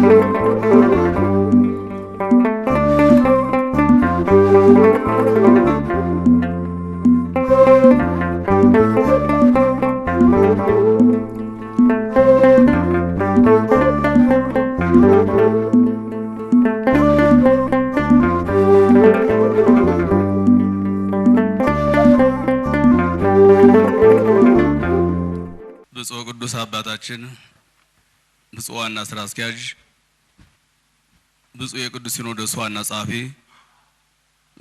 ብፁዕ ቅዱስ አባታችን ብፁዕ ዋና ስራ አስኪያጅ ብፁዕ የቅዱስ ሲኖዶስ ዋና ጸሐፊ፣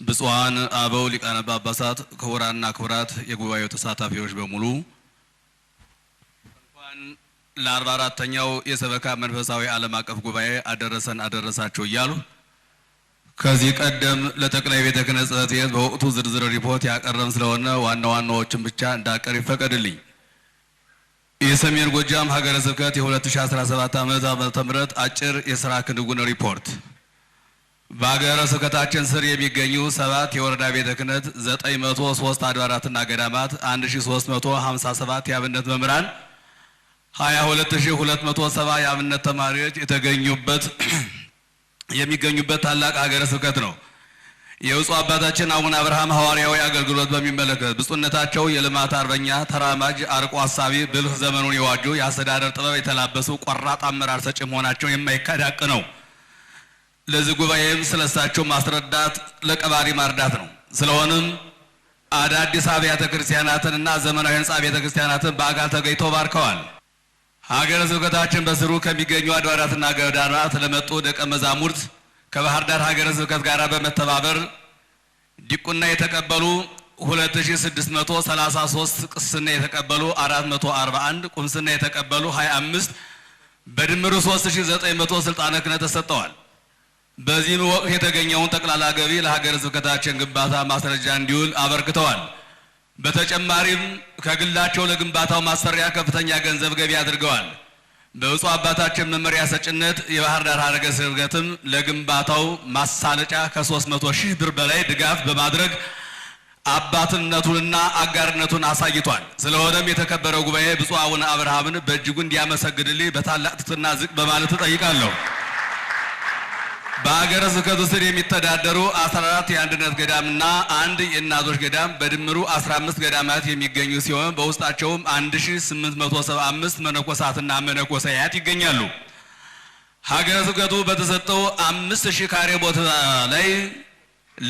ብፁዓን አበው ሊቃነ ጳጳሳት፣ ክቡራንና ክቡራት የጉባኤው ተሳታፊዎች በሙሉ እንኳን ለአርባ አራተኛው የሰበካ መንፈሳዊ ዓለም አቀፍ ጉባኤ አደረሰን አደረሳቸው እያሉ ከዚህ ቀደም ለጠቅላይ ቤተ ክህነት ጽሕፈት ቤት በወቅቱ ዝርዝር ሪፖርት ያቀረብን ስለሆነ ዋና ዋናዎችን ብቻ እንዳቀር ይፈቀድልኝ። የሰሜን ጎጃም ሀገረ ስብከት የ2017 ዓመተ ምህረት አጭር የሥራ ክንውን ሪፖርት። በሀገረ ስብከታችን ስር የሚገኙ ሰባት የወረዳ ቤተ ክህነት፣ 903 አድባራትና ገዳማት፣ 1357 የአብነት መምህራን፣ 22270 የአብነት ተማሪዎች የተገኙበት የሚገኙበት ታላቅ ሀገረ ስብከት ነው። የብፁዕ አባታችን አቡነ አብርሃም ሐዋርያዊ አገልግሎት በሚመለከት ብፁዕነታቸው የልማት አርበኛ፣ ተራማጅ፣ አርቆ ሀሳቢ፣ ብልህ፣ ዘመኑን የዋጁ የአስተዳደር ጥበብ የተላበሱ ቆራጥ አመራር ሰጪ መሆናቸው የማይካዳቅ ነው። ለዚህ ጉባኤም ስለሳቸው ማስረዳት ለቀባሪ ማርዳት ነው። ስለሆነም አዳዲስ አብያተ ክርስቲያናትን እና ዘመናዊ ህንፃ ቤተ ክርስቲያናትን በአካል ተገኝተው ባርከዋል። ሀገረ ስብከታችን በስሩ ከሚገኙ አድባራትና ገዳማት ለመጡ ደቀ መዛሙርት ከባህር ዳር ሀገረ ስብከት ጋር በመተባበር ዲቁና የተቀበሉ 2633 ቅስና የተቀበሉ 441 ቁምስና የተቀበሉ 25 በድምሩ 3900 ስልጣነ ክህነት ተሰጠዋል። በዚህም ወቅት የተገኘውን ጠቅላላ ገቢ ለሀገረ ስብከታችን ግንባታ ማስረጃ እንዲውል አበርክተዋል። በተጨማሪም ከግላቸው ለግንባታው ማሰሪያ ከፍተኛ ገንዘብ ገቢ አድርገዋል። በብፁዕ አባታችን መመሪያ ሰጭነት የባህር ዳር ሀገረ ስብከትም ለግንባታው ማሳለጫ ከ300 ሺህ ብር በላይ ድጋፍ በማድረግ አባትነቱንና አጋርነቱን አሳይቷል። ስለሆነም የተከበረው ጉባኤ ብፁዕ አቡነ አብርሃምን በእጅጉ እንዲያመሰግንልኝ በታላቅ ትሕትና ዝቅ በማለት እጠይቃለሁ። በሀገረ ስብከቱ ስር የሚተዳደሩ 14 የአንድነት ገዳምና አንድ የእናቶች ገዳም በድምሩ 15 ገዳማት የሚገኙ ሲሆን በውስጣቸውም 1875 መነኮሳትና መነኮሳያት ይገኛሉ። ሀገረ ስብከቱ በተሰጠው 5000 ካሬ ቦታ ላይ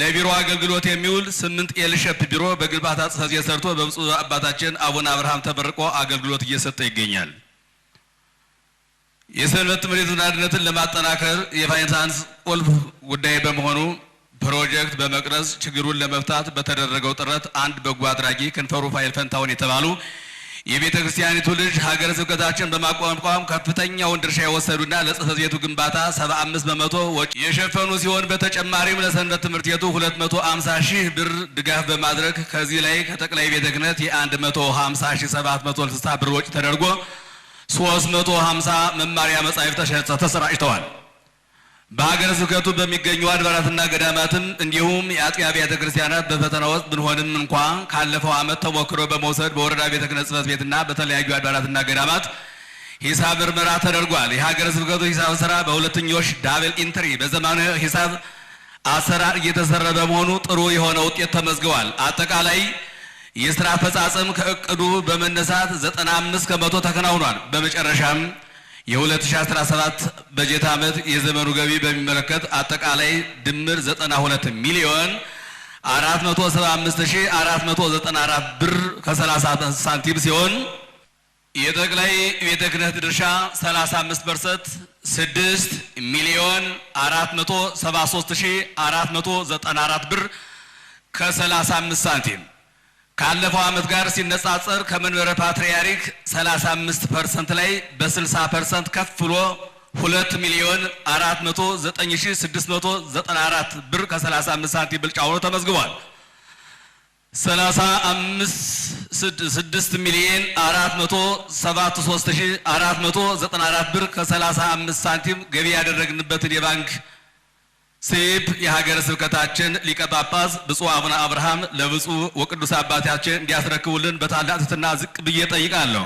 ለቢሮ አገልግሎት የሚውል ስምንት ኤልሸፕ ቢሮ በግንባታ ጽሕፈት ቤት ሰርቶ በብፁዕ አባታችን አቡነ አብርሃም ተመርቆ አገልግሎት እየሰጠ ይገኛል። የሰንበት ትምህርት ቤቱን አንድነትን ለማጠናከር የፋይናንስ ቁልፍ ጉዳይ በመሆኑ ፕሮጀክት በመቅረጽ ችግሩን ለመፍታት በተደረገው ጥረት አንድ በጎ አድራጊ ክንፈሩ ፋይል ፈንታውን የተባሉ የቤተ ክርስቲያኒቱ ልጅ ሀገረ ስብከታችን በማቋቋም ከፍተኛውን ድርሻ የወሰዱና ለጽህፈት ቤቱ ግንባታ 75 በመቶ ወጪ የሸፈኑ ሲሆን በተጨማሪም ለሰንበት ትምህርት ቤቱ 250 ሺህ ብር ድጋፍ በማድረግ ከዚህ ላይ ከጠቅላይ ቤተ ክህነት የ150 ብር ወጪ ተደርጎ 350 መማሪያ መጻሕፍት ተሰራጭተዋል። በሀገረ ስብከቱ በሚገኙ አድባራትና ገዳማትም እንዲሁም የአጥቢያ ቤተ ክርስቲያናት በፈተና ውስጥ ብንሆንም እንኳ ካለፈው ዓመት ተሞክሮ በመውሰድ በወረዳ ቤተ ክህነት ጽሕፈት ቤትና በተለያዩ አድባራትና ገዳማት ሂሳብ ምርመራ ተደርጓል። የሀገረ ስብከቱ ሂሳብ ስራ በሁለትዮሽ ዳብል ኢንትሪ በዘመናዊ ሂሳብ አሰራር እየተሰራ በመሆኑ ጥሩ የሆነ ውጤት ተመዝግቧል። አጠቃላይ የስራ አፈጻጸም ከእቅዱ በመነሳት 95 ከመቶ ተከናውኗል። በመጨረሻም የ2017 በጀት ዓመት የዘመኑ ገቢ በሚመለከት አጠቃላይ ድምር 92 ሚሊዮን 475494 ብር ከ30 ሳንቲም ሲሆን የጠቅላይ ቤተ ክህነት ድርሻ 35 ፐርሰንት 6 ሚሊዮን 473494 ብር ከ35 ሳንቲም ካለፈው ዓመት ጋር ሲነጻጸር ከመንበረ ፓትርያርክ 35 ፐርሰንት ላይ በ60 ፐርሰንት ከፍ ብሎ 2 ሚሊዮን 409,694 ብር ከ35 ሳንቲም ብልጫ ሆኖ ተመዝግቧል። 36 ሚሊዮን 473,494 ብር ከ35 ሳንቲም ገቢ ያደረግንበትን የባንክ ሴፕ የሀገረ ስብከታችን ሊቀ ጳጳስ ብፁዕ አቡነ አብርሃም ለብፁዕ ወቅዱስ አባታችን እንዲያስረክቡልን በታላቅ ትሕትና ዝቅ ብዬ ጠይቃለሁ።